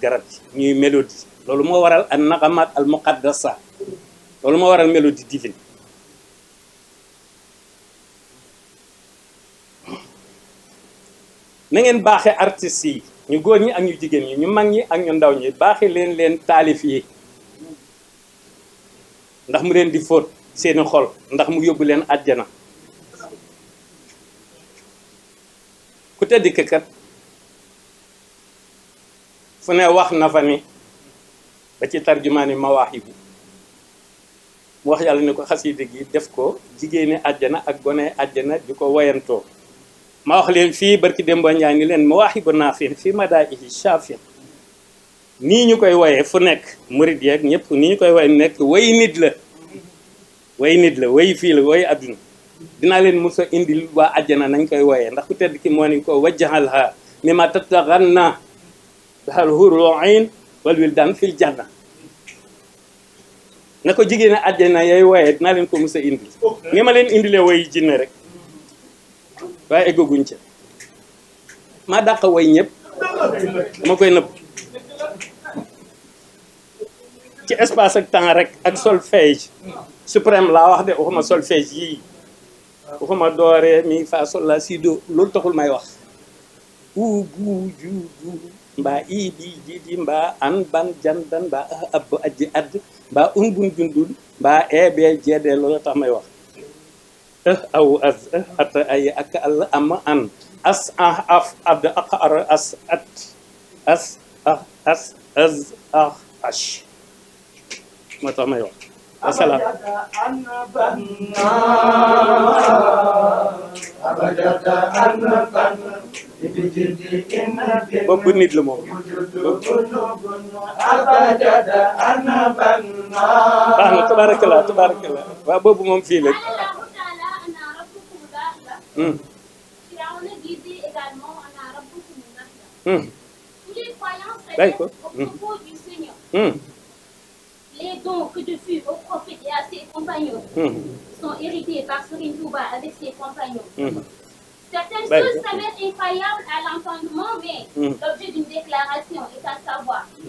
garab yi ñuy mélodie loolu moo waral al naqamat al muqaddasa loolu moo waral mélodie divine na ngeen baaxe artistes yi ñu góor ñi ak ñu jigéen ñi ñu mag ñi ak ñu ndaw ñi baaxe leen leen taalif yi ndax mu leen di fóot seeni xol ndax mu yóbbu leen àjjana ku tedd ki kat fu ne wax na fa ni ba ci tarjumaani mawaahibu mu wax yàlla ne ko xaside gi def ko jigéeni àjjana ak gone àjjana di ko woyantoo ma wax leen fii barki Demba Njaay ni leen mawaahibu naafin fii madaa'ihi shaafin nii ñu koy woyee fu nekk murid yeeg ñëpp ni ñu koy woyee nekk way nit la way nit la way fii la woy adduna dinaa leen mos indi indil waa àjjana nañ koy woyee ndax ku tedd ki moo ni ko wajjahalha mimma tattaghanna daxal xuuruloo ayn wal wildaan fil janna na ko jigéen a àjjana yay waaye dinaa leen ko mës a indi ni ma leen indilee way jinne rek waaye eggaguñ ca maa dàq way ñëpp dama koy nëbb ci espace ak temps rek ak solfège suprême laa wax de waxuma solfège yii waxuma doore mi fa sol la si loolu taxul may wax mba iidi jiidi mba an ban jandan mba abbo ajji add mba unbun jundun mba eeɓe jeede loola tax may wax aw as hata ay ak allah ama an as an af ad aqar as at as ah as az ah ash moo tax may wax wasalaam bopp nit la moom bopp baax na tabaarakala tabaarakala waaw boobu moom fii la hmm. Hmm. bàyyi ko hmm. les dons que je fus au prophète et à ses compagnons sont hérités par Serigne Touba avec ses compagnons Certaines ben, choses s'avèrent incroyables à l'entendement, mais mmh. l'objet d'une déclaration est à savoir. Mmh.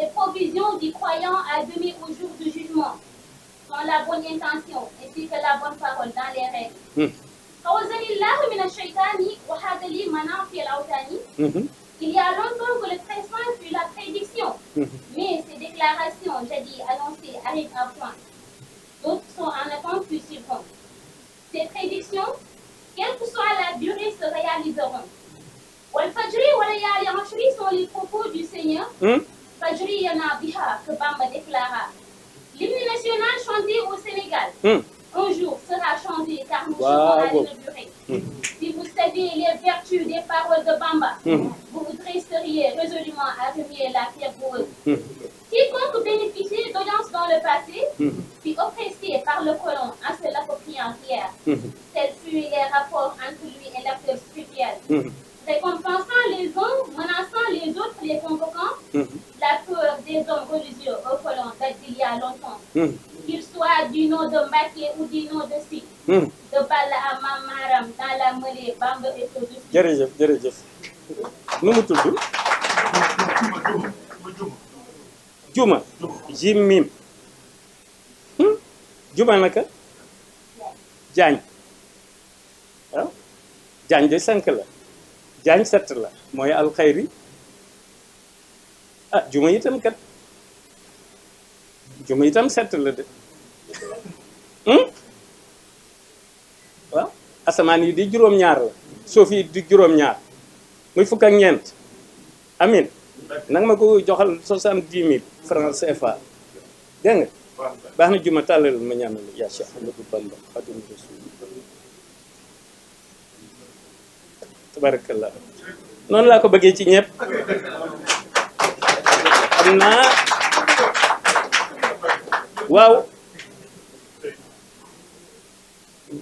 Les provisions du croyant à demi au jour du jugement sont la bonne intention ainsi que la bonne parole dans les règles. Mmh. Il y a longtemps que le présent fut la prédiction, hmm. mais ces déclarations jadis annoncées arrivent à point. D'autres sont en attente plus suivantes. Ces prédictions heures. Wal Fajri wa layaalin ashrin sont les propos du Seigneur. Hmm? Fajriyanā bihā que Bamba déclara. L'hymne national chanté au Sénégal. Hmm. Un jour sera chanté car nous serons à l'inaugurer. Hmm. Si vous saviez les vertus des paroles de Bamba, vous vous dresseriez résolument à remuer la pierre boueuse. Quiconque bénéficiait d'audiences dans le passé, puis oppressé par le colon récompensant mm-hmm. les uns, menaçant les autres, les convoquant, mm-hmm. la peur des hommes religieux au colon date d'il y a longtemps, mm-hmm. qu'ils soient du nom de Mbacké ou du nom de Sy, de Balla à Mame Maram dans la mêlée Bamba et Sodou Sy. jërëjëf jërëjëf nu mu tudd. juma jim mim hmm? juma naka jaañ waaw ah? jaañ de cinq la jaañ set la mooy alxayri ah juma itam kat juma itam sett la de hmm? waaw asamaan yi di juróom-ñaar la suuf yi di juróom-ñaar muy fukk ak ñeent amin nanga ma ko joxal soixante-dix mille francs CFA dégg nga baax na juma tàllal ma ñaanal yaa Cheikh tabarakallah noonu laa ko bëggee ci ñëpp xam naa waaw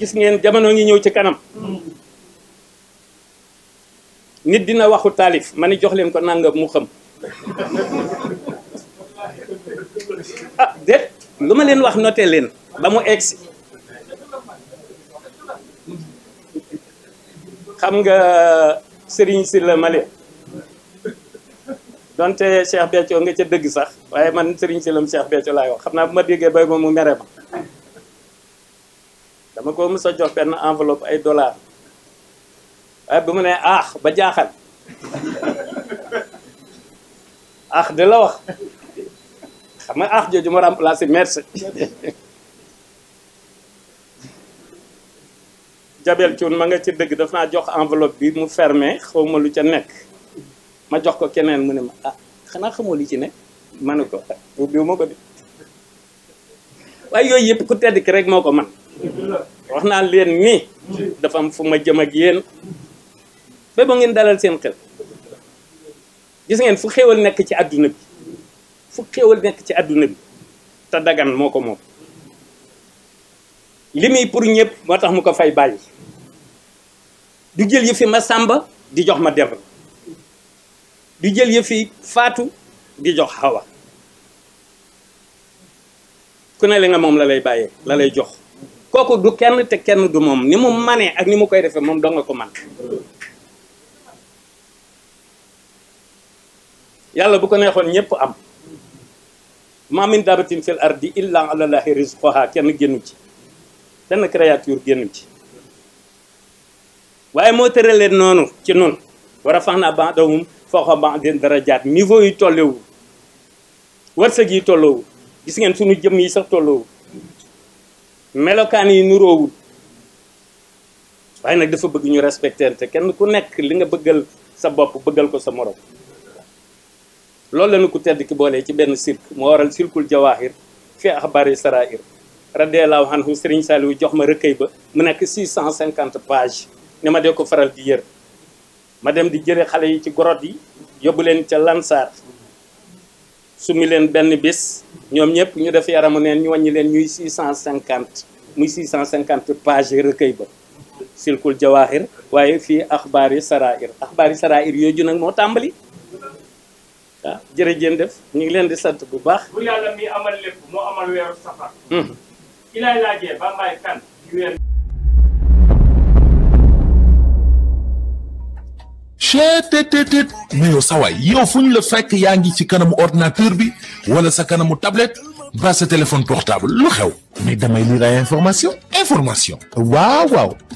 gis ngeen jamono ngi ñëw ci kanam nit dina waxu taalif ma ni jox leen ko nangam mu xam ah déet lu ma leen wax noté leen ba mu egsi xam nga Serigne Sylla doonte donte Cheikh Béthio nga ca dëgg sax waaye man Serigne Sylla mu Cheikh Béthio laay wax xam naa bu ma déggee bay ma mu mere ma dama ko mës a jox benn enveloppe ay dollars waaye bu mu ne ah ba jaaxal ah di la wax xam nga ah jooju ma remplacé merci Jabel Cuun ma nga ca dëgg daf naa jox enveloppe bi mu fermé xaw ma lu ca nekk ma jox ko keneen mu ne ma ah xanaa xamoo li ci ne ma ne ko ah, ubbiwu ma ko de waaye yooyu yëpp ku tedd ki rek moo ko man wax naa leen nii dafa am fu ma jëm ak yéen ba ba ngeen dalal seen xel gis ngeen fu xewal nekk ci àdduna bi fu xéewal nekk ci àdduna bi te dagan moo ko moom li muy pour ñëpp moo tax mu ko fay bàyyi du jël yëfi ma sàmba di jox ma demb du jël fi faatu di jox xawa ku ne li nga moom la lay bàyyee la lay jox kooku du kenn te kenn du moom ni mu manee ak ni mu koy defee moom doo nga ko man yàlla bu ko neexoon ñëpp am ma min dabatin fil ardi illa alallahi rizquha kenn génnu ci benn créature génn ci waaye moo tëralee noonu ci noonu war a fax naa ban dawum fooxa ban den dara jaat niveau yi tollewu wërsëg yi tollowu gis ngeen suñu jëmm yi sax tollowu melokaan yi nuroowul waaye nag dafa bëgg ñu respecter kenn ku nekk li nga bëggal sa bopp bëggal ko sa morom loolu la ñu ko tedd ki boolee ci benn cirque moo waral circul jawahir fi axbaari sarair radiallahu anhu Serigne Saliou jox ma recueil ba mu nekk 650 pages ne ma dee ko faral di yër ma dem di jële xale yi ci gorot yi yóbbu leen ca Lansar sumi leen benn bis ñoom ñëpp ñu def yaramu neen ñu wàññi leen ñuy 650 muy cinquante page recueil ba silkul jawahir waaye fii axbaari sarair axbaari sarair yooyu nag moo tàmbali waaw ah, jërëjëf def ñu ngi leen di sant bu baax. bu yàlla ki lay laajee Bambaye kan yow sawaay la fekk yaa ngi ci kanamu ordinateur bi wala sa kanamu tablette ba sa téléphone portable lu xew mais damay lire information information waaw waaw